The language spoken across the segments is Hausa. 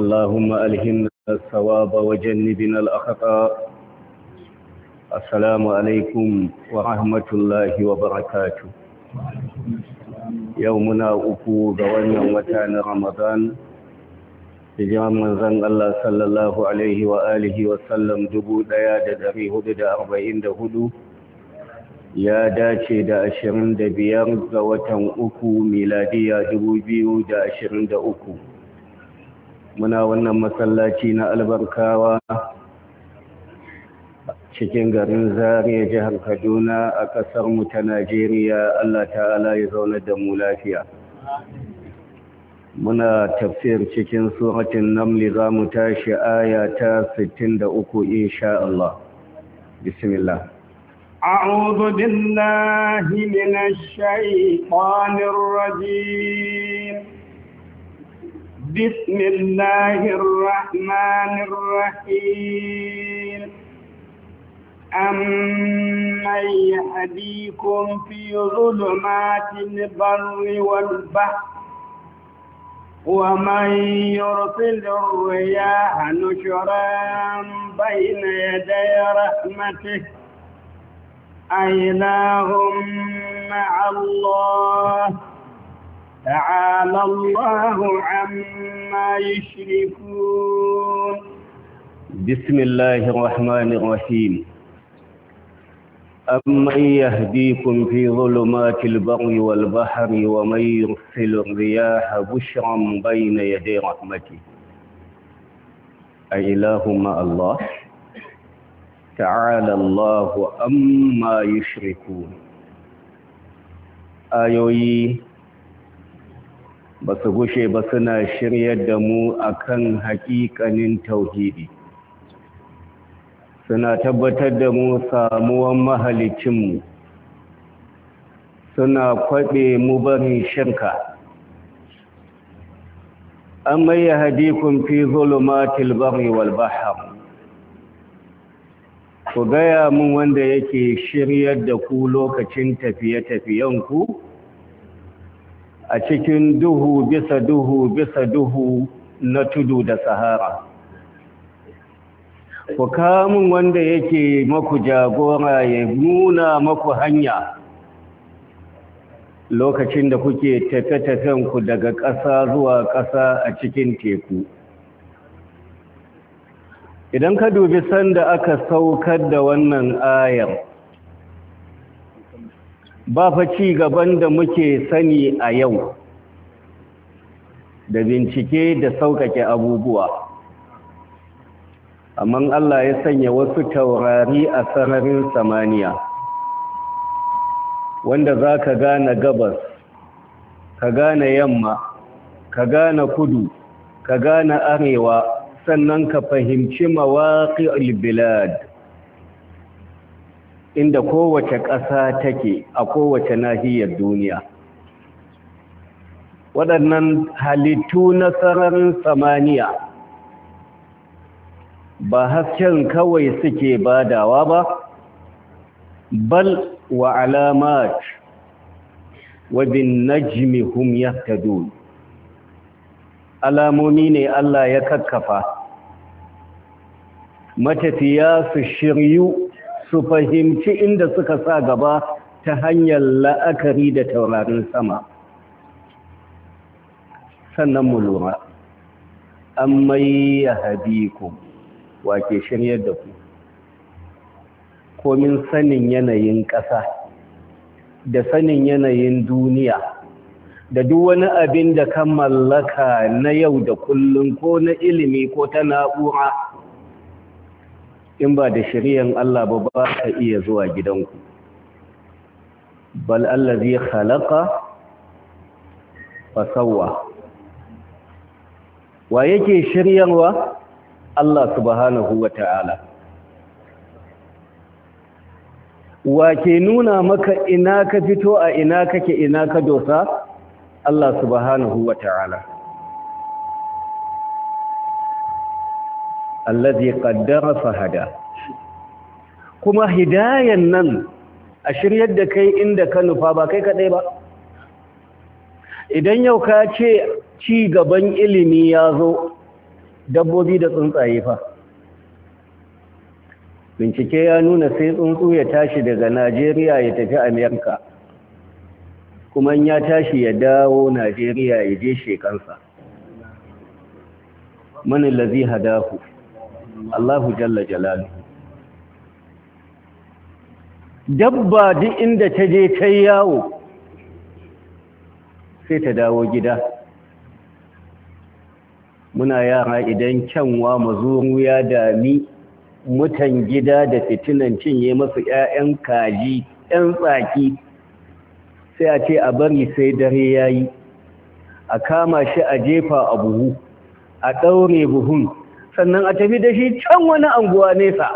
اللهم ألهمنا الثواب وجنبنا الأخطاء السلام عليكم ورحمة الله وبركاته يومنا أكو غوانا وتان رمضان hijiran manzon Allah sallallahu alaihi wa alihi wa sallam hudu ya dace da ashirin da biyar ga watan uku miladiya uku. muna wannan masallaci na albarkawa cikin garin zariya jihar kaduna a ƙasarmu ta najeriya allah ta'ala ya zaunar da mu lafiya muna tafsir cikin suratun namli za mu tashi aya ta 63 insha Allah bismillah أعوذ بالله من الشيطان الرجيم بسم الله الرحمن الرحيم أمن يهديكم في ظلمات البر والبحر ومن يرسل الرياح نشرا بين يدي رحمته أيناهم مع الله تعالى الله عما يشركون بسم الله الرحمن الرحيم أمن يهديكم في ظلمات البر والبحر ومن يرسل الرياح بشرا بين يدي رحمته أإله مع الله تعالى الله أما يشركون أيوي ba su gushe ba suna shiryar da mu akan haƙiƙanin tauhidi suna tabbatar da mu samuwan mahalicinmu suna kwaɓe mu barin shirka an mai hadikun fi zulumatil barri wal bahar ku gaya mun wanda yake shiryar da ku lokacin tafiye-tafiyenku a cikin duhu bisa duhu bisa duhu na tudu da sahara ku kamun wanda yake maku jagora ya nuna maku hanya lokacin da kuke tafe-tafenku daga ƙasa zuwa ƙasa a cikin teku idan ka dubi sanda aka saukar da wannan ayar ba fa ci gaban da muke sani a yau da bincike da sauƙaƙe abubuwa amma Allah ya sanya wasu taurari a sararin samaniya wanda za ka gane gabas ka gane yamma ka gane kudu ka gane arewa sannan ka fahimci mawaƙi bilad inda kowace ƙasa take a kowace nahiyar duniya waɗannan halittu na sararin samaniya ba hasken kawai suke badawa ba bal wa alamat wa bin najmi hum yahtadun alamomi ne Allah ya kakkafa matafiya su shiryu su fahimci inda suka sa gaba ta hanyar la'akari da taurarin sama sannan mu lura an mai ya habi ku wake shiryar da ku komin sanin yanayin ƙasa da sanin yanayin duniya da duk wani abin da kan mallaka na yau da kullum ko na ilimi ko ta na'ura in ba da shari'an Allah ba ba ka iya zuwa gidanku bal allazi khalaqa fasawwa wa yake shiryanwa Allah subhanahu wata'ala wa ke nuna maka ina ka fito a ina kake ina ka dosa Allah subhanahu wata'ala allazi qaddara fahada kuma hidayan nan a shiryar da kai inda ka nufa ba kai kadai ba idan yau ka ce ci gaban ilimi ya zo dabbobi da tsuntsaye fa bincike ya nuna sai tsuntsu ya tashi daga najeriya ya tafi amerika kuma ya tashi ya dawo najeriya ya je shekansa manin lazi hadahu Allah jalla jalalu dabba duk inda ta je ta yawo sai ta dawo gida muna yara idan kyanwa mazuru ya dami mutan gida da fitinan cinye masu 'ya'yan kaji 'yan tsaki sai a ce a bari sai dare ya yi a kama shi a jefa a buhu a ɗaure buhun sannan a tafi da shi can wani anguwa nesa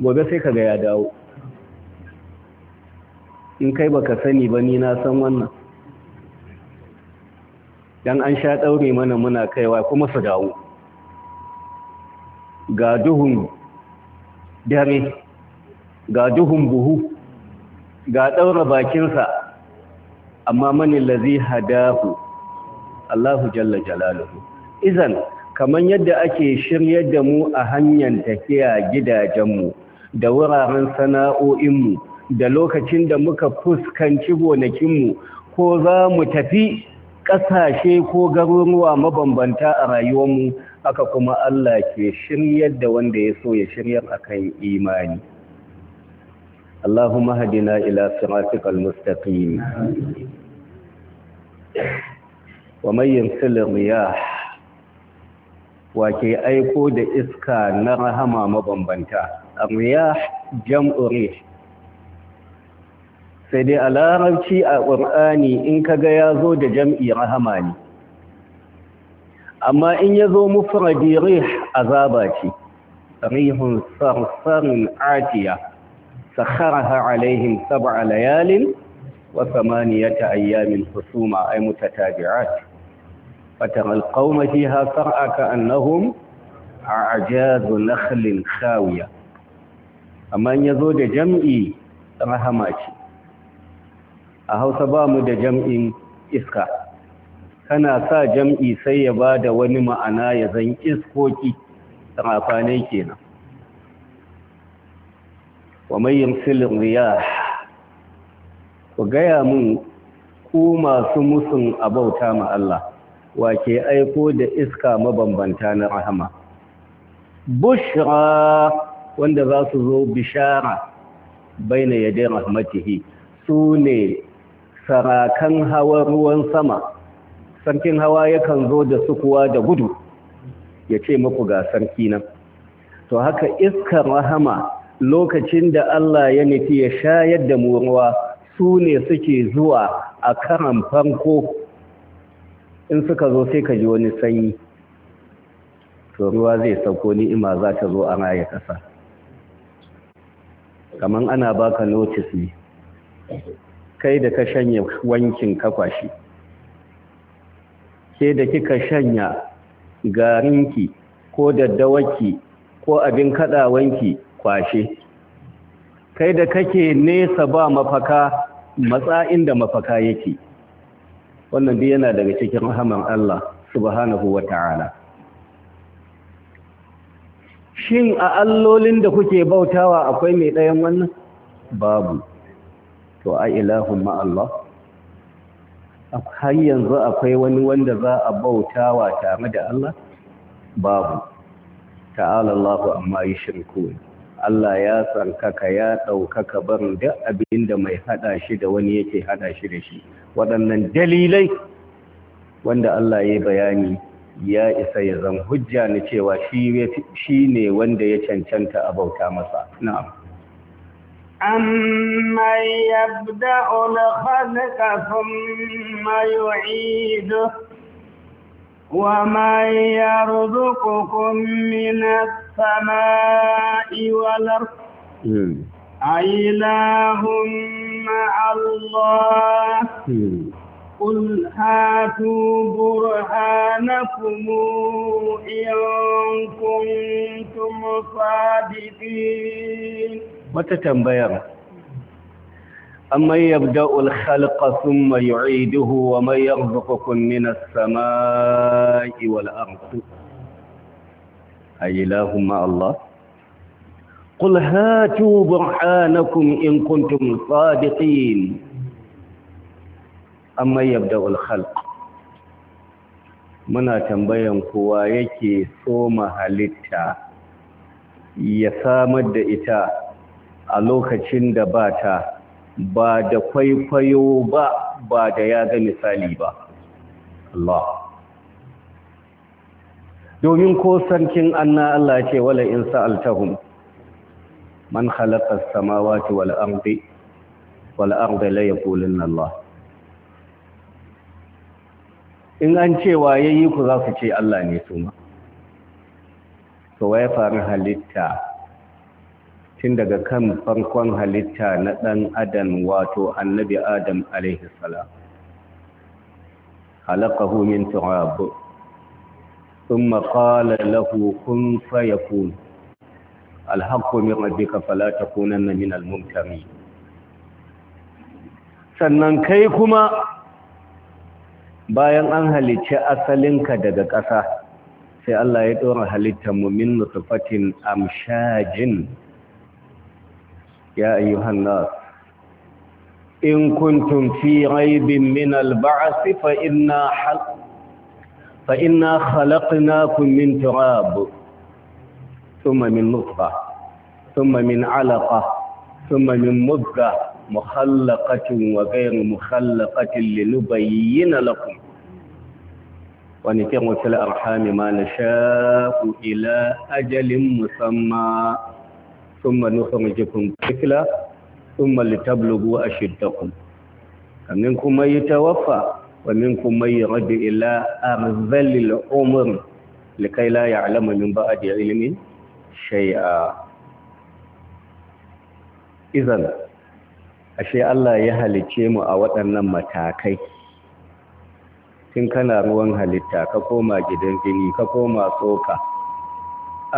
gobe sai kaga ya dawo in kai baka sani ba ni na san wannan dan an sha daure mana muna kaiwa kuma su dawo ga duhun dare ga duhun buhu ga daura bakinsa amma manin lazi hadahu Allahu jalla jalaluhu izan kamar yadda ake shiryar da mu a hanyar tafiya gidajenmu da wuraren sana'o'inmu da lokacin da muka fuskanci gonakinmu ko za mu tafi ƙasashe ko garuruwa mabambanta a rayuwarmu aka kuma Allah ke shiryar da wanda ya so ya shiryar akan imani Allahumma hadina ila siratikal mustaqim wa may yansil riyah wake aiko da iska na rahama mabambanta a jam'u rih sai dai a larabci a ƙur'ani in kaga ya zo da jam'i rahama ne amma in ya zo mufradi rih azaba ce rihun sarsarin atiya sakharaha alaihim sab'a layalin wa ta ayyamin husuma ai mutatabi'at fatamal kaumaki hasar aka annahun a ajiyarzu na halin shawiya ya zo da jam’i rahama ce a hausa ba mu da jam’in iska kana sa jam’i sai ya ba da wani ma’ana ya zan iskoki rafane kenan wa silin riya ku gaya mun ku masu musun abauta ma Allah wake aiko da iska mabambanta na rahama bushra wanda za su zo bishara baina yadai rahmatihi su ne sarakan hawa ruwan sama sarkin hawa yakan zo da sukuwa da gudu ya ce muku ga sarki nan to haka iskar rahama lokacin da Allah ya nufi ya shayar da mu ruwa su ne suke zuwa a karan farko in suka zo sai ka ji wani sanyi to ruwa zai sauko ni'ima za ta zo a raya kasa. kamar ana baka notice ne kai da ka shanya wankin kakwashi ke da kika shanya garinki ko daddawarki ko abin wanki kwashe kai da kake nesa ba mafaka matsa inda mafaka yake wannan duk yana daga cikin rahaman Allah subhanahu wa ta'ala shin a allolin da kuke bautawa akwai mai ɗayan wannan babu to a ilahun ma'allah har yanzu akwai wani wanda za a bautawa tare da Allah babu ta'ala Allahu amma yushrikun Allah ya tsarkaka ya ɗaukaka barin da abin da mai haɗa shi da wani yake haɗa shi da shi waɗannan dalilai wanda Allah ya bayani ya isa ya zama. hujja na cewa shi ne wanda ya cancanta a bauta masa na'am أَمَّنْ يَبْدَأُ الْخَلْقَ ثُمَّ wa وَمَنْ yarzuqukum min السماء والأرض أإله مع الله قل هاتوا برهانكم إن كنتم صادقين وتتنبير أمن يبدأ الخلق ثم يعيده ومن يرزقكم من السماء والأرض أإله Allah qul hatu burhanakum in kuntum sadiqin amma yabda'ul khalq muna tambayan kowa yake soma halitta ya samar da ita a lokacin da ba ta ba da kwaikwayo ba ba da ya ga misali ba Allah domin ko sarkin anna Allah ce wala in sa'altahum man khalaqa as-samawati wal ardi wal ardi la yaqulunna Allah in an ce yi ku za ku ce Allah ne su ma to waye faru halitta tun daga kan farkon halitta na dan adam wato annabi adam alaihi salam halaqahu min turab ثم قال له كن فيكون الحق من ربك فلا تكونن من الممتمين sannan kai kuma bayan an halicci asalinka daga ƙasa sai Allah ya ɗora halittar mu min nutfatin amshajin ya ayyuhan nas in kuntum fi raibin min al-ba'th fa inna فإنا خلقناكم من تراب ثم من نطفة ثم من علقة ثم من مبقى مخلقة وغير مخلقة لنبين لكم ونتم في الأرحام ما نشاء إلى أجل مسمى ثم نخرجكم طفلا ثم لتبلغوا أشدكم منكم من يتوفى ومنكم من يرد إلى أرذل العمر لكي لا يعلم من بعد علم شيئا إذن ashe Allah ya halice mu a waɗannan matakai tun kana ruwan halitta ka koma gidan gini, ka koma tsoka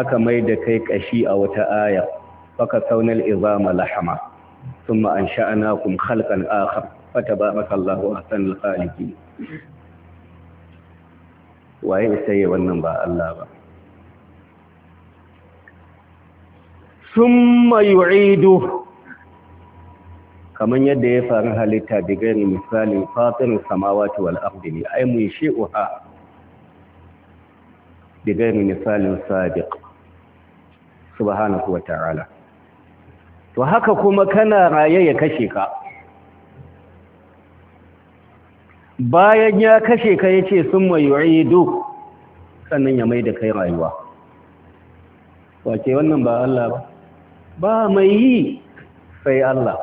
aka mai da kai ƙashi a wata aya baka saunar izama lahama sun ma'an sha'ana kuma halkan akhar فتبارك الله أحسن الخالقين waye sai wannan ba Allah ba summa yu'idu kaman yadda ya faru halitta da gani misali fatin samawati wal ardi ay munshi'uha da gani misalin sadiq subhanahu wa ta'ala to haka kuma kana raye ya kashe ka bayan ya kashe ka ya ce sun mai duk sannan ya mai da kai rayuwa wace wannan ba Allah ba ba mai yi sai Allah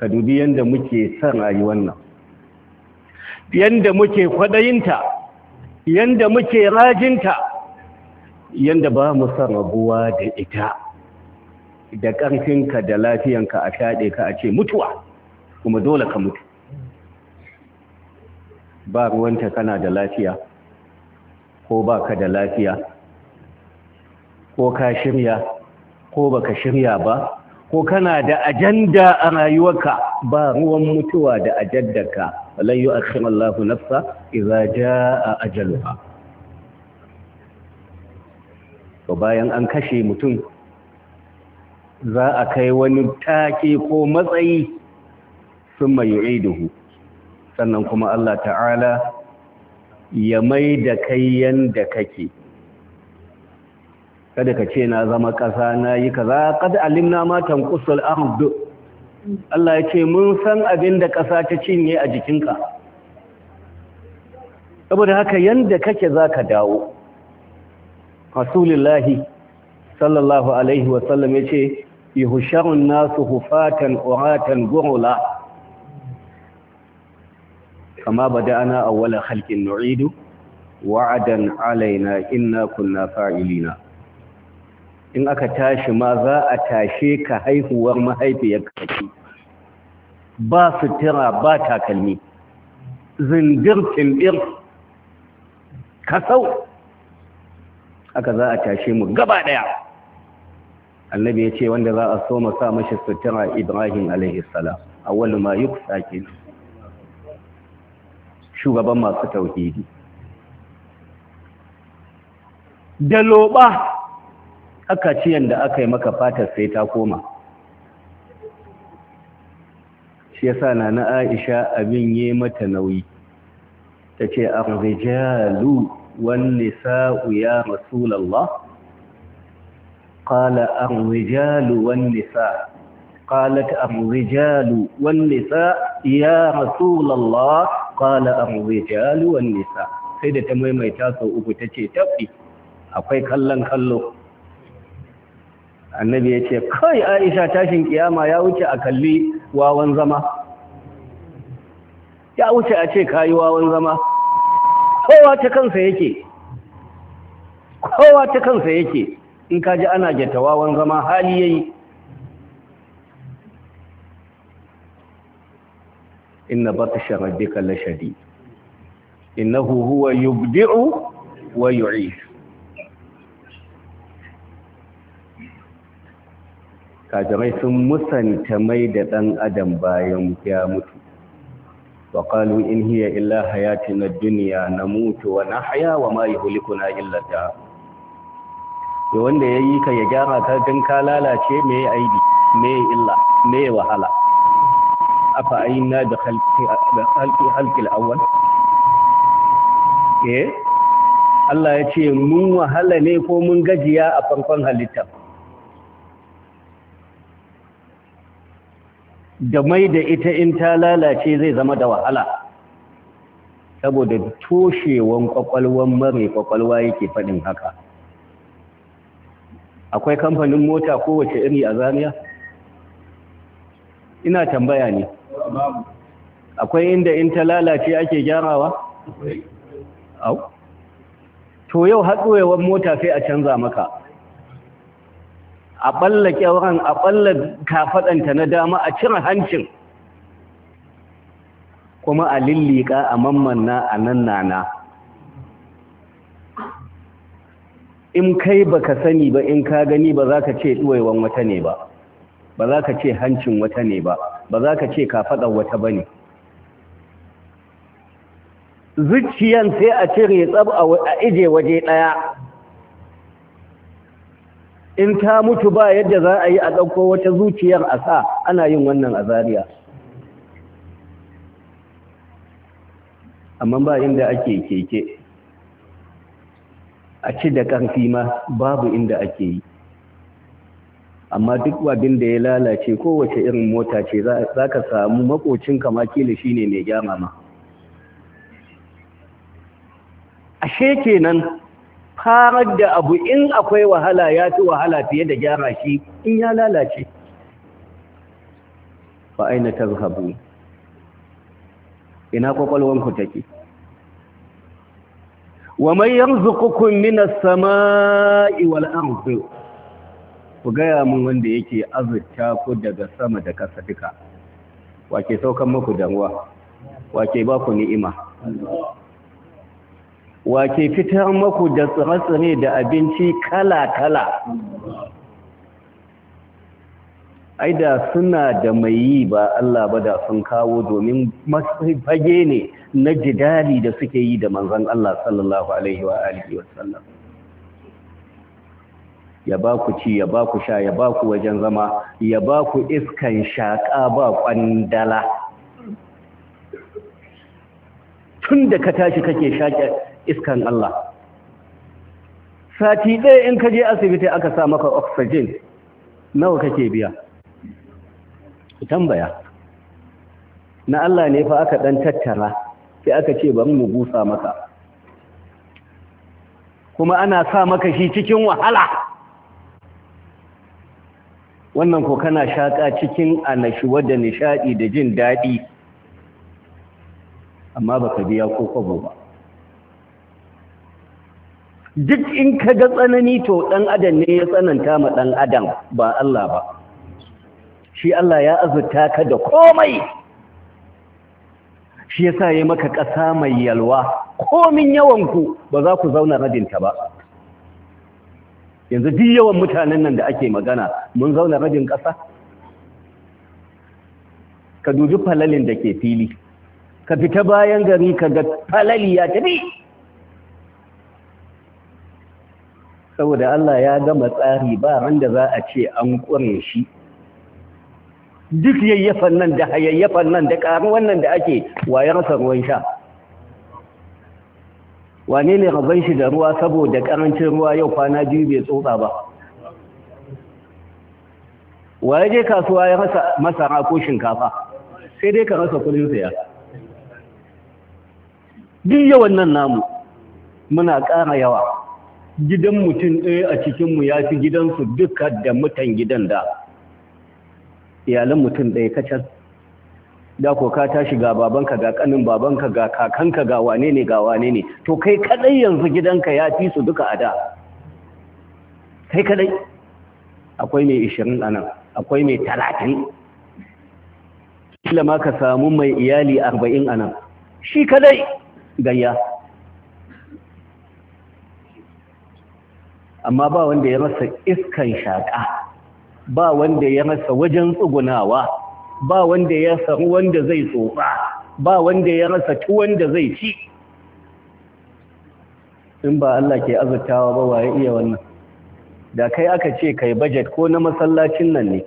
ka dubi yadda muke son rayuwar nan yadda muke kwadayinta yadda muke rajinta yadda ba mu son rabuwa da ita da ƙarfinka da lafiyanka a shaɗe ka a ce mutuwa kuma dole ka mutu ba ruwanta kana da lafiya ko ba ka da lafiya ko ka shirya ko ba ka shirya ba ko kana da ajanda a rayuwarka ba ruwan mutuwa da ajaddaka lan yu'akhkhiru Allahu nafsa idza jaa ajaluha to bayan an kashe mutum za a kai wani take ko matsayi summa yu'iduhu sannan kuma Allah ta'ala ya mai da kai yanda kake kada ka ce na zama ƙasa na yi kaza kada alimna ma tanqusul ard Allah ya ce mun san abin da ƙasa ta cinye a jikinka saboda haka yanda kake zaka dawo rasulullahi sallallahu alaihi wasallam ya ce yuhsharun nasu hufatan uratan gurula kama bada'ana awwala halkin nu'idu wa'adan alaina inna kunna fa'ilina in aka tashi ma za a tashe ka haihuwar mahaifiyar kaki ba sutura ba takalmi zindir timbir kasau aka za a tashe mu gaba ɗaya. annabi ya ce wanda za a so mu sa mashi sutura ibrahim alaihi salam ma yuksa kenan shugaban masu tauhidi da loba aka ciyan da aka yi maka fatar sai ta koma shi yasa na na aisha abin yi mata nauyi ta ce a wani sa'u ya rasulallah ƙala a wani sa ya rasulallah qala ar-rijalu wan nisa sai da ta maimaita sau uku tace tafi akwai kallon kallo annabi yace kai Aisha tashin kiyama ya wuce a kalli wawan zama ya wuce a ce kayi wawan zama kowa ta kansa yake kowa ta kansa yake in kaji ana jatawawan zama hali yayi inna batsha rabbika lashadid innahu huwa yubdi'u wa yu'id kajirai sun musanta mai da ɗan adam bayan ya mutu wa qalu in hiya illa hayatina dunya namutu wa nahya wa ma yuhlikuna illa da wanda yayi ka ya gyara ka gan ka lalace me aibi me illa me wahala afa ayina da halki awwal eh Allah ya ce mun wahala ne ko mun gajiya a farkon halitta da mai da ita in ta lalace zai zama da wahala saboda toshewan kwakwalwan mare kwakwalwa yake faɗin haka akwai kamfanin mota kowace iri a zaniya ina tambaya ne akwai inda in ta lalace ake gyarawa au to yau haɗuwa mota sai a canza maka a ɓalla ƙyauran a ɓalla kafaɗanta na dama a cire hancin kuma a lilliƙa a mammanna a nan nana in kai baka sani ba in ka gani ba za ka ce ɗuwaiwan wata ne ba ba za ka ce hancin wata ne ba ba za ka ce kafaɗar wata ba ne zuciyan sai a cire tsab a ije waje ɗaya in ta mutu ba yadda za a yi a ɗauko wata zuciyar a sa ana yin wannan a zariya amma ba inda ake keke a ci da ƙarfi ma babu inda ake yi amma duk abin da ya lalace kowace irin mota ce za ka samu makocin kama kila shi ne mai gyara ma ashe kenan farar da abu in akwai wahala ya fi wahala fiye da gyara shi in ya lalace ba aina zuhabu ina ku take wa yanzu kukun minas sama'i wal ku gaya mun wanda yake azurta ku daga sama da kasa duka wake saukan muku damuwa wake ba ku ni'ima wake fitar muku da tsire-tsire da abinci kala-kala Aida suna da mai yi ba Allah ba da sun kawo domin fage ne na jidali da suke yi da manzan Allah sallallahu alaihi wa alihi wa ya ba ku ci ya ba ku sha ya ba ku wajen zama ya ba ku iskan shaƙa ba ƙwandala tun da ka tashi kake shaƙe iskan Allah sati ɗaya in ka je asibiti aka sa maka oxygen nawa kake biya ku tambaya na Allah ne fa aka ɗan tattara sai aka ce bar mu busa maka kuma ana sa maka shi cikin wahala wannan ko kana shaƙa cikin annashuwa da nishaɗi da jin daɗi amma baka biya ko kwabo ba duk in ka ga tsanani to ɗan adam ne ya tsananta ma ɗan adam ba Allah ba shi Allah ya azurta ka da komai shi yasa ya maka ƙasa mai yalwa komin yawanku ba za ku zauna radinta ba yanzu duk yawan mutanen nan da ake magana mun zauna rajin ƙasa ka dubi falalin da ke fili ka fita bayan gari ka ga falali ya tafi saboda Allah ya gama tsari ba randa za a ce an ƙure shi duk yayyafan nan da hayayyafan nan da ƙaruwan nan da ake wayar rasa ruwan sha wane ne rabon shi da ruwa saboda karancin ruwa yau kwana biyu bai tsotsa ba waye je kasuwa ya rasa masara ko shinkafa sai dai ka rasa kudin saya duk yawan nan namu muna ƙara yawa gidan mutum ɗaya a cikinmu ya fi gidansu duka da mutan gidan da iyalan mutum ɗaya kacal da ko ka tashi ga babanka ga kanin babanka ga kakanka ga wane ne ga wane ne to kai kadai yanzu gidanka ya fi su duka a da kai kadai akwai mai 20 anan akwai mai 30 kila ma ka samu mai iyali 40 anan shi kadai gayya amma ba wanda ya rasa iskan shaka ba wanda ya rasa wajen tsugunawa ba wanda ya saru wanda zai tsofa ba wanda ya rasa tuwon da zai ci in ba Allah ke azurtawa ba waye iya wannan da kai aka ce kai budget ko na masallacin nan ne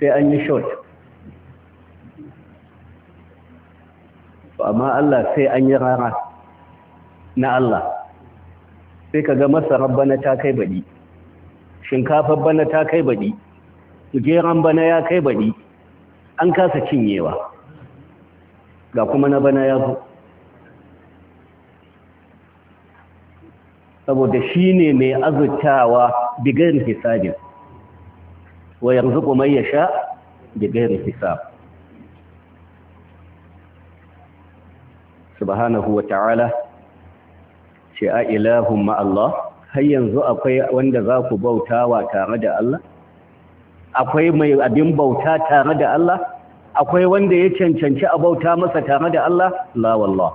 sai an yi short amma Allah sai an yi rara na Allah sai ka ga masarar bana ta kai baɗi shinkafar bana ta kai baɗi geran bana ya kai baɗi an kasa cinyewa ga kuma na bana ya zo saboda shi ne mai azurtawa bigayen hisabin wa yanzu kuma ya sha bigayen hisab subhanahu wa ta'ala ce a ilahun ma'allah har yanzu akwai wanda za ku bauta wa tare da Allah akwai mai abin bauta tare da Allah akwai wanda ya cancanci a bauta masa tare da Allah la wallah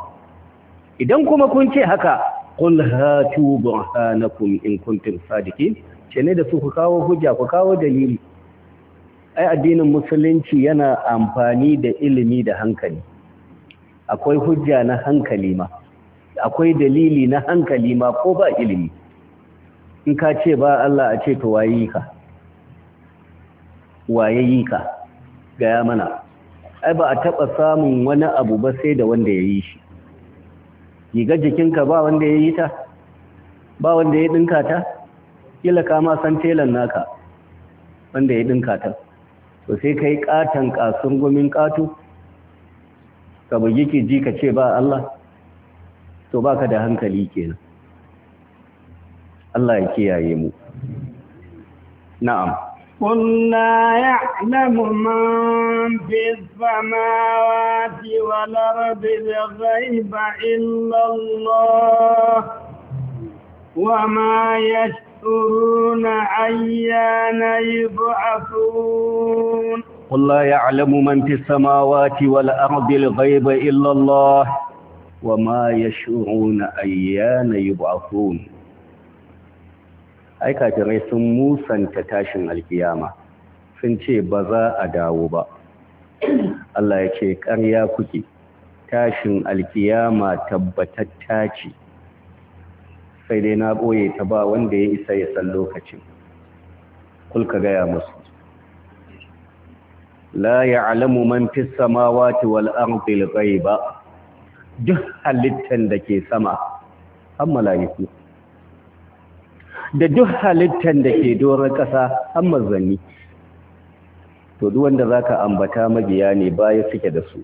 idan kuma kun ce haka qul hatu burhanakum in kuntum sadiqin ce ne da su ku kawo hujja ku kawo dalili ai addinin musulunci yana amfani da ilimi da hankali akwai hujja na hankali ma akwai dalili na hankali ma ko ba ilimi in ka ce ba Allah a ce to wayi ka yi ka gaya mana ai ba a taɓa samun wani abu ba sai da wanda ya yi shi rigar jikinka ba wanda ya yi ta ba wanda ya ɗinka ta kila ka ma san telan naka wanda ya ɗinka ta to sai ka yi kasun ƙasun gumin ƙato ka bugi ki ji ka ce ba Allah to baka da hankali kenan Allah ya kiyaye mu na'am قل لا يعلم من في السماوات والأرض الغيب إلا الله وما يشعرون أيان يبعثون قل لا يعلم من في السماوات والأرض الغيب إلا الله وما يشعرون أيان يبعثون ai kafirai sun musanta tashin alkiyama sun ce ba za a dawo ba Allah ya ce ƙarya kuke tashin alkiyama tabbatatta ce sai dai na ɓoye ta ba wanda ya isa ya san lokacin kulka gaya musu la ya'lamu man fis samawati wal ardi al-ghaiba duk halittan da ke sama la mala'iku da duk halittar da ke doron ƙasa an mazanni to duk wanda ka ambata magiya ne baya suke da su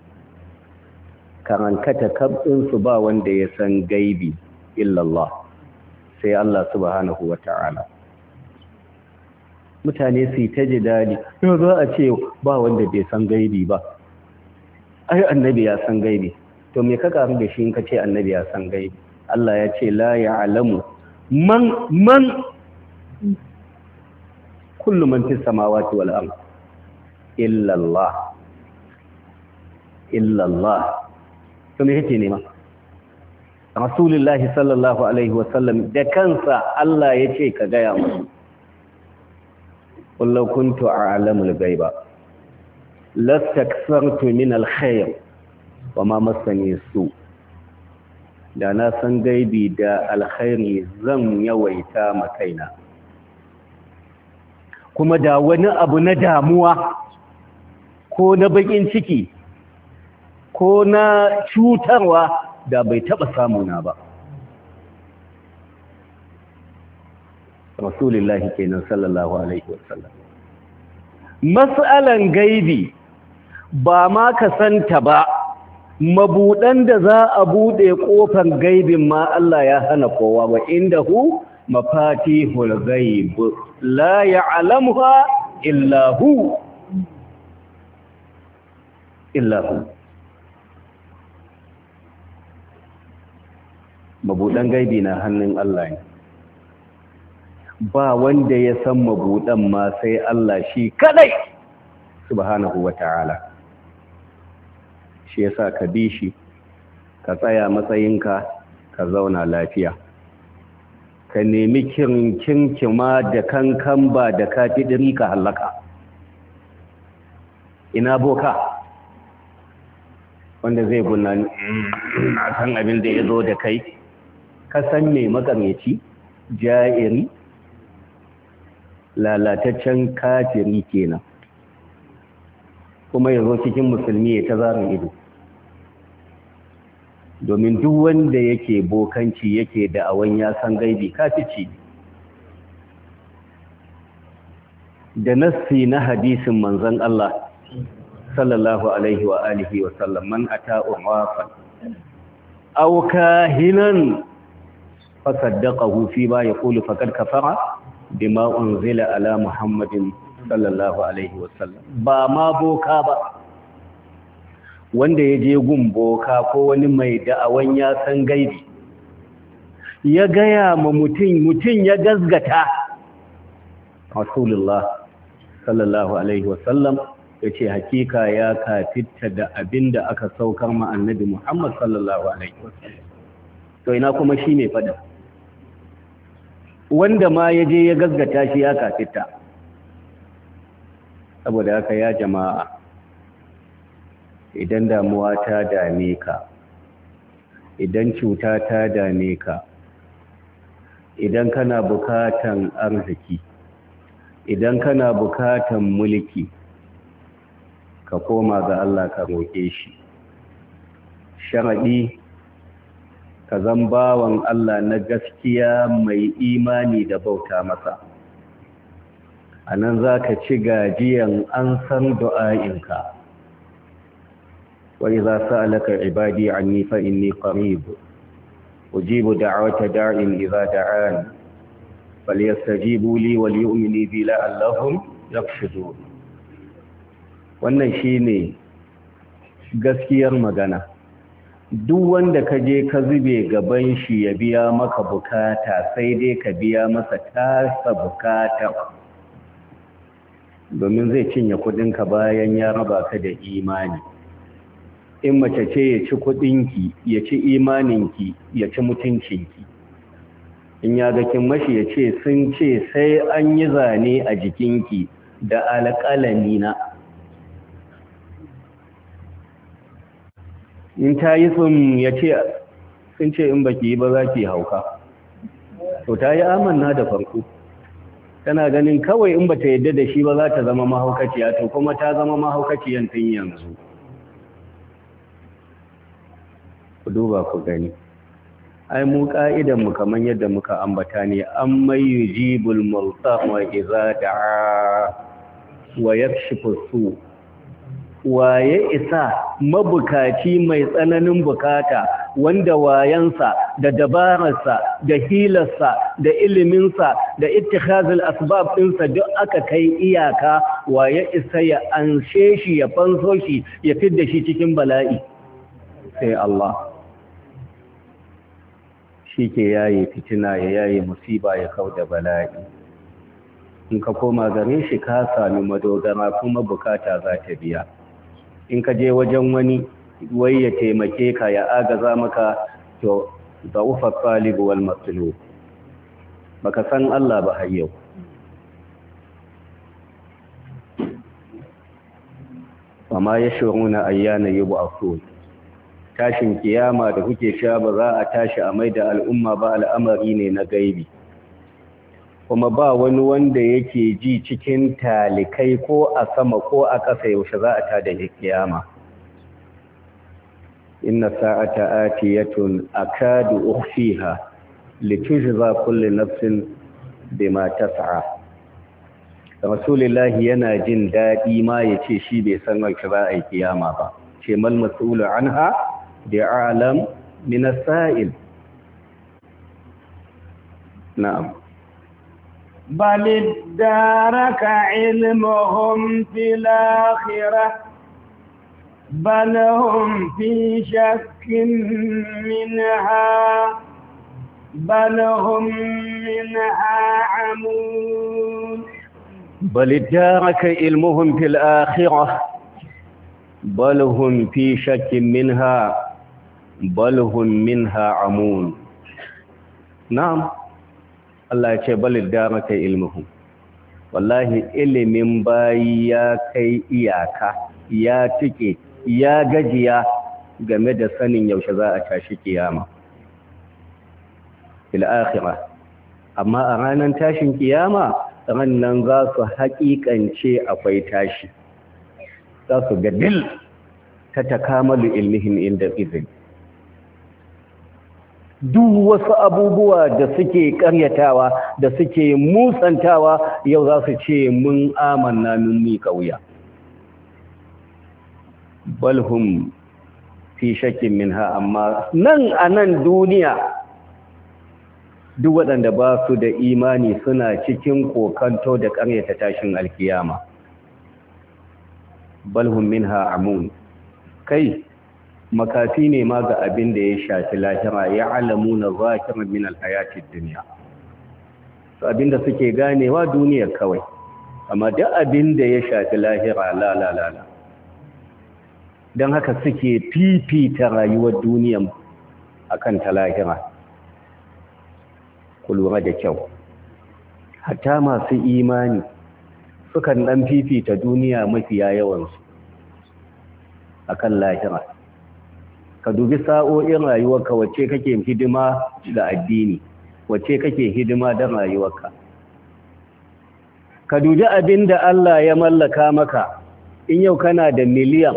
karankata kabinsu ba wanda ya san gaibi illallah sai Allah subhanahu ta'ala mutane su yi ta ji dadi yau za a ce ba wanda bai san gaibi ba ai annabi ya san gaibi to me ka karu da shi in ka ce annabi ya san gaibi Allah ya ce la ya alamu man man kullu man fis samawati wal ard Allah illa Allah to me yake nema Rasulullahi sallallahu alaihi wa sallam da kansa Allah yace ka gaya musu qul law kuntu a'lamu al-ghaiba lastakfartu min al wa ma su' da na san gaibi da alkhairi zan yawaita makaina kuma da wani abu na damuwa ko na bakin ciki ko na cutarwa da bai taba samuna ba rasulullahi kenan sallallahu alaihi wasallam mas'alan gaibi ba ma ka santa ba Mabuɗan da za a buɗe kofar gaibin ma Allah ya hana kowa ba inda hu mafatihul ghaib la ya'lamuha illa hu illa hu mabudan gaibi na hannun Allah ne ba wanda ya san mabuɗan ma sai Allah shi kadai subhanahu wata'ala shi yasa ka bi shi ka tsaya matsayinka ka zauna lafiya ka nemi kinkin kima da kankan ba da kafiɗin ka halaka ina boka wanda zai guna hmm, a san abin da ya zo da kai ka san mai makaryaci ja'iri lalataccen kafiri kenan kuma ya zo cikin musulmi ya ta zarar ido domin duk wanda yake bokanci yake da'awan ya san gaibi kafici da nassi na hadisin manzon Allah sallallahu alaihi wa alihi wa sallam man ata urafan aw kahinan saddaqahu fi ma yaqulu faqad kafara bima unzila ala muhammadin sallallahu alaihi wa sallam ba ma boka ba wanda ya je gumboka ko wani mai da'awan ya san gaibi ya gaya ma mutum mutum ya gazgata rasulullah sallallahu alaihi wasallam ya ce hakika ya kafitta da abin da aka saukar ma annabi muhammad sallallahu alaihi wasallam to ina kuma shi ne fada wanda ma ya je ya gazgata shi ya kafitta saboda haka ya jama'a idan damuwa ta dame ka idan cuta ta dame ka idan kana bukatan arziki idan kana bukatan mulki ka koma ga Allah ka roƙe shi sharaɗi ka zan bawan Allah na gaskiya mai imani da bauta masa a nan za ka ci gajiyan an san du'a'inka وإذا سألك عبادي عني فإني قريب أجيب دعوة داع إذا دعان فليستجيبوا لي وليؤمنوا بي لعلهم يرشدون wannan shine gaskiyar magana duk wanda ka je ka zube gaban shi ya biya maka bukata sai dai ka biya masa tasa bukata domin zai cinye kudinka bayan ya raba ka da imani in mace ce ya ci kuɗinki ya ci imaninki ya ci mutuncinki in ya ga kin mashi ya ce sun ce sai an yi zane a jikinki da alƙalami na in ta yi sun ya ce sun ce in baki yi ba za ki hauka to ta yi amanna da farko tana ganin kawai in ba ta yadda da shi ba za ta zama mahaukaciya to kuma ta zama mahaukaciyan tun yanzu ku duba ku gani ai mu ka'idan mu kaman yadda muka ambata ne an mai yujibul wa idza da'a wa yakshifu su waye isa mabukaci mai tsananin bukata wanda wayansa da dabararsa da hilarsa da iliminsa da ittikhazul asbab ɗinsa duk aka kai iyaka wa ya isa ya anshe shi ya fanso shi ya fidda shi cikin bala'i sai Allah shi ke yaye fitina ya yaye musiba ya kau da bala'i in ka koma gare shi ka sami madogara kuma bukata za ta biya in ka je wajen wani wai ya taimake ka ya agaza maka to da ufa talibu wal baka san Allah ba har yau amma ya shuruna ayyana yubu akul tashin kiyama da kuke sha ba za a tashi a da al'umma ba al'amari ne na gaibi kuma ba wani wanda yake ji cikin talikai ko a sama ko a ƙasa yaushe za a tada kiyama inna sa'ata atiyatun akadu ukhfiha za kulle nafsin bima tas'a rasulullahi yana jin daɗi ma yace shi bai san wacce ba a yi kiyama ba ce mal mas'ulu anha بعالم من السائل نعم بل ادارك علمهم في الآخرة بل هم في شك منها بل هم منها عمون بل ادارك علمهم في الآخرة بل هم في شك منها bal hum minha amun na'am Allah ya ce balid kai ilmuhum wallahi ilimin bayi ya kai iyaka ya tike ya gajiya game da sanin yaushe za a tashi kiyama fil akhirah amma a ranar tashin kiyama rannan za su haƙiƙance akwai tashi za su ga dil ta takamalu ilmihim inda izini duk wasu abubuwa da suke karyatawa da suke musantawa yau za su ce mun amanna mun ni kauya balhum fi shakkin minha amma nan a nan duniya duk waɗanda ba su da imani suna cikin kokanto da karyata tashin alkiyama balhum minha amun kai makafi ne ma ga abin da ya shafi lahira ya alamu na zahirar min alhayatid duniya Su abin da suke ganewa duniyar kawai amma duk abin da ya shafi lahira lalala don haka suke fifita rayuwar duniyan kan ta lahira ku da kyau hatta masu imani sukan dan fifita duniya mafiya yawansu a kan lahira ka dubi sa'o'in rayuwarka wacce kake hidima da addini wacce kake hidima da rayuwarka ka dubi abin da Allah ya mallaka maka in yau kana da miliyan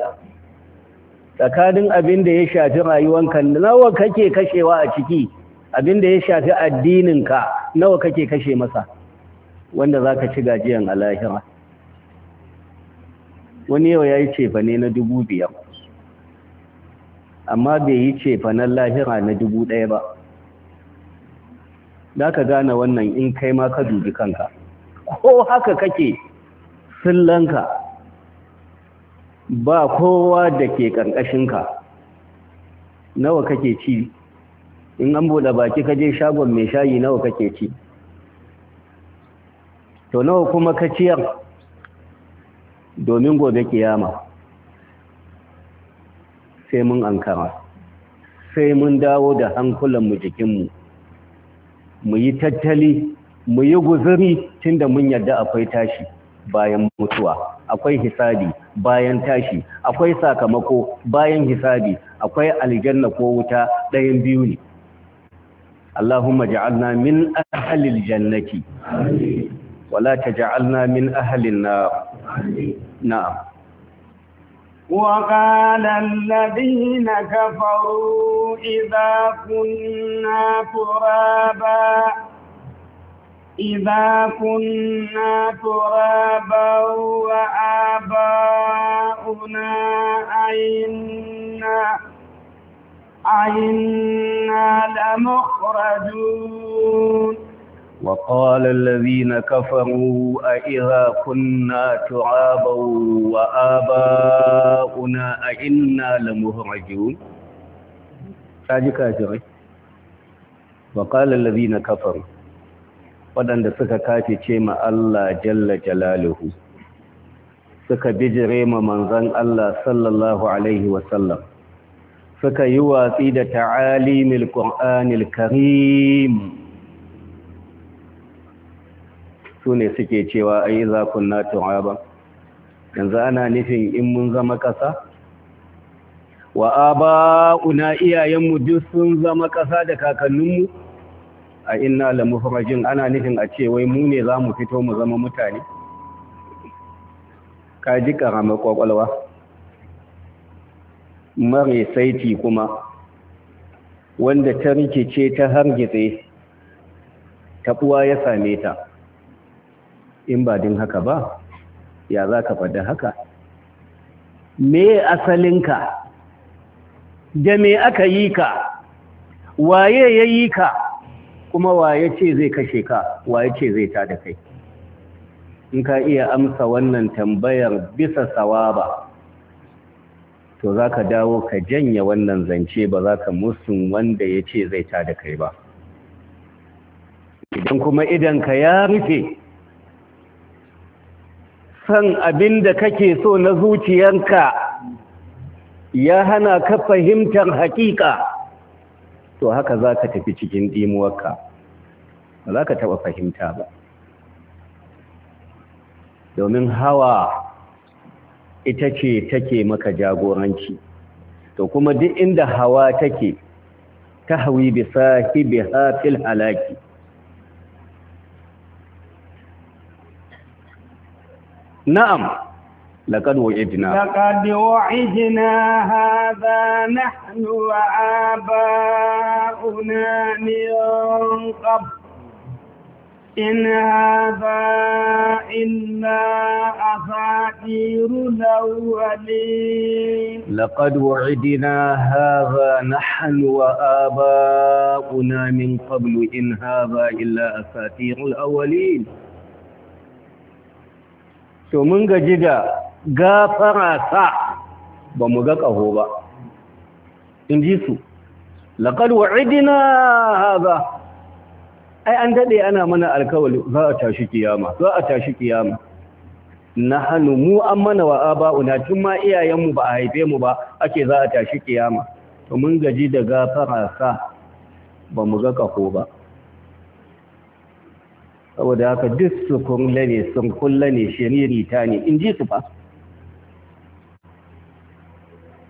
tsakanin abin da ya shafi rayuwarka nawa kake kashewa a ciki abin da ya shafi addininka nawa kake kashe masa wanda za ka ci gajiyan alahira wani yau ya yi cefane na dubu biyar amma bai yi cefanen lahira na dubu ɗaya ba za ka gane wannan in kai ma ka dubi kanka ko haka kake sullanka ba kowa da ke ƙarƙashinka nawa kake ci in an buɗe baki ka je shagon mai shayi nawa kake ci to nawa kuma ka ciyar domin gobe kiyama sai mun ankara sai mun dawo da hankulanmu jikinmu mu yi tattali mu yi guzuri tunda mun yarda akwai tashi bayan mutuwa akwai hisabi bayan tashi akwai sakamako bayan hisabi akwai aljanna ko wuta ɗayan biyu ne Allahumma ja'alna min ahlil jannati wala taj'alna min ahlin nar na'am وقال الذين كفروا إذا كنا ترابا إذا كنا ترابا وآباؤنا أئنا أئنا لمخرجون وقال الذين كفروا أئذا كنا ترابا وآباؤنا rabbuna a inna lamuhrajun kaji kafirai wa qala allazina kafaru wadanda suka ce ma Allah jalla jalaluhu suka bijire ma manzon Allah sallallahu alaihi wa sallam suka yi watsi da ta'alimil qur'anil karim sune suke cewa ai za kunna tu'aba yanzu ana nufin in mun zama ƙasa wa aba'una iyayenmu duk sun zama ƙasa da kakanninmu a inna la farajin ana nufin a ce wai mu ne za mu fito mu zama mutane ka ji ƙaramar ƙwaƙwalwa mare saiti kuma wanda ta rikice ta hargitse taɓuwa ya same ta in ba din haka ba ya za ka faɗi haka me asalinka da me aka yi ka waye ya yi ka kuma waye ce zai kashe ka waye ce zai ta da kai in ka iya amsa wannan tambayar bisa sawaba to za ka dawo ka janye wannan zance ba za ka musun wanda ya ce zai ta da kai ba idan kuma idanka ya rufe san abin da kake so na zuciyarka ya hana ka fahimtar hakika to haka za ka tafi cikin dimuwarka, ba za ka taɓa fahimta ba domin hawa ita ce take maka jagoranci to kuma duk inda hawa take ta hawi bi sahibi hafil halaki نعم لقد وعدنا لقد وعدنا هذا نحن وآباؤنا من قبل إن هذا إلا أساطير الأولين لقد وعدنا هذا نحن وآباؤنا من قبل إن هذا إلا أساطير الأولين to mun gaji da gafara sa ba mu ga ƙaho ba in ji su laƙar wa'idina haza ai an daɗe ana mana alkawali za a tashi kiyama za a tashi kiyama na hannu mu an mana wa aba'una tun ma iyayenmu ba a haife mu ba ake za a tashi kiyama to mun gaji da gafara sa ba mu ga ƙaho ba saboda haka duk su kulle ne sun kulle ne ta ne in ji su fa